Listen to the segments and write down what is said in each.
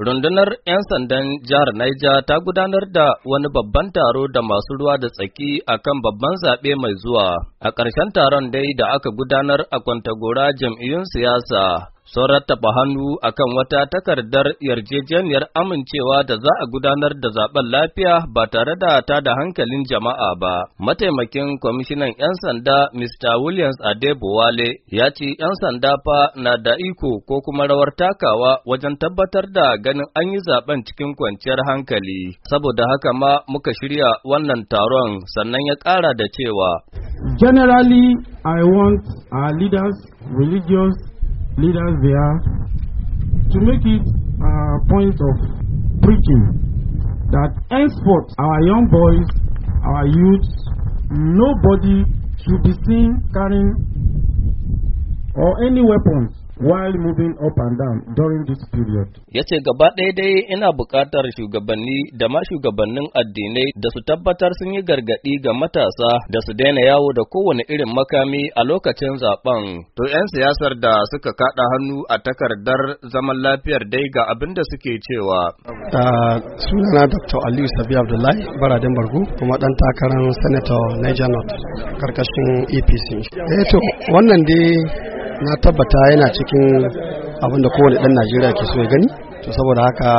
Rundunar 'yan sandan jihar Niger ta gudanar da wani babban taro da masu ruwa da tsaki a kan babban zaɓe mai zuwa. A ƙarshen taron dai da aka gudanar a kwantagora jam'iyyun siyasa sun rattaba hannu a kan wata takardar yarjejeniyar amincewa da za a gudanar da zaben lafiya ba tare da ta da hankalin jama'a ba. Mataimakin kwamishinan 'yan sanda Mr. Williams Adebowale ya ce 'yan sanda fa na da iko ko kuma rawar takawa wajen tabbatar da ganin an yi zaben cikin kwanciyar hankali. Saboda haka ma muka shirya wannan taron sannan ya ƙara da cewa. Generally, I want our leaders, religious leaders they are, to make it a uh, point of preaching that henceforth our young boys, our youths, nobody should be seen carrying or any weapons while moving up and down during this period. Ya gaba ɗaya dai ina buƙatar shugabanni da ma shugabannin addinai da su tabbatar sun yi gargaɗi ga matasa da su daina yawo da kowane irin makami a lokacin zaben. To 'yan siyasar da suka kaɗa hannu a takardar zaman lafiyar dai ga abin da suke cewa. Ah, sunana Dr. Aliyu Sabi Abdullahi Baradin Bargu kuma ɗan takarar Senator Niger North karkashin APC. E eh to wannan dai na tabbata yana cikin abin da kowane ɗan najeriya ke so ya gani to saboda haka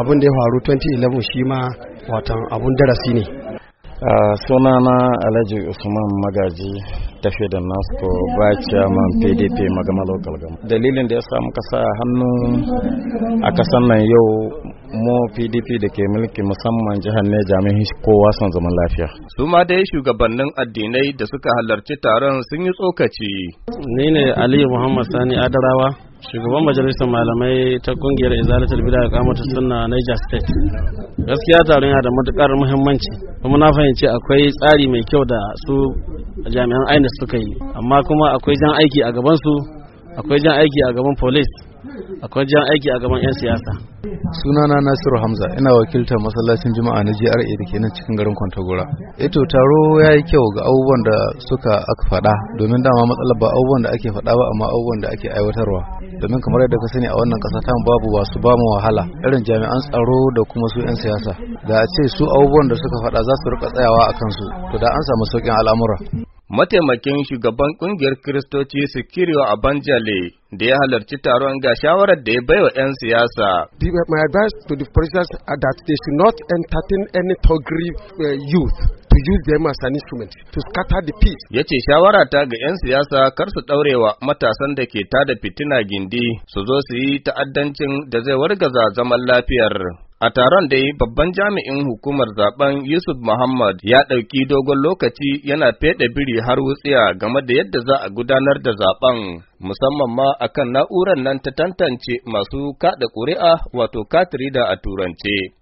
abin da ya faru 2011 shi ma watan abun darasi ne Uh, sunana alhaji usman magaji tafiya da nasko ba man pdp magama local gama dalilin da ya sa muka sa hannu a kasan nan yau mo pdp da ke mulki musamman jihar ne jami'in kowa son zaman lafiya su ma dai shugabannin addinai da suka halarci taron sun yi tsokaci ni ne aliyu muhammad sani adarawa shugaban majalisar malamai ta kungiyar Izalatar bida da kamata suna niger state gaskiya taron yana da matukar muhimmanci kuma na fahimci akwai tsari mai kyau da su jami'an aina suka yi amma kuma akwai jan aiki a gaban su akwai jan aiki a gaban police akwai jan aiki a gaban 'yan siyasa sunana nasiru hamza ina wakiltar masallacin jima'a na gra da ke nan cikin garin kwantagora eto eh taro ya yi kyau ga abubuwan da suka aka faɗa domin dama matsalar ba abubuwan da ake faɗa ba amma abubuwan da ake aiwatarwa domin kamar yadda ka sani a wannan ƙasa ta babu ba su ba mu wahala irin jami'an tsaro da kuma su 'yan siyasa da a ce su abubuwan da suka faɗa za su rika tsayawa a kansu to da an samu sauƙin al'amura mataimakin shugaban kungiyar Kiristoci Sikirio Abanjale da ya halarci taron ga shawarar da ya baiwa 'yan siyasa. Uh, my advice to the preachers are that they should not entertain any togri uh, youth to use them as an instrument to scatter the peace. Ya ce shawara ta ga 'yan siyasa kar su ɗaurewa matasan da ke tada fitina gindi su zo su yi ta'addancin da zai wargaza zaman lafiyar. A taron da yi babban jami'in hukumar zaben Yusuf Muhammad ya ɗauki dogon lokaci yana feɗe biri har wutsiya game da yadda za a gudanar da zaben musamman ma akan na'urar nan ta tantance masu kaɗa ƙuri'a wato katrida a turance.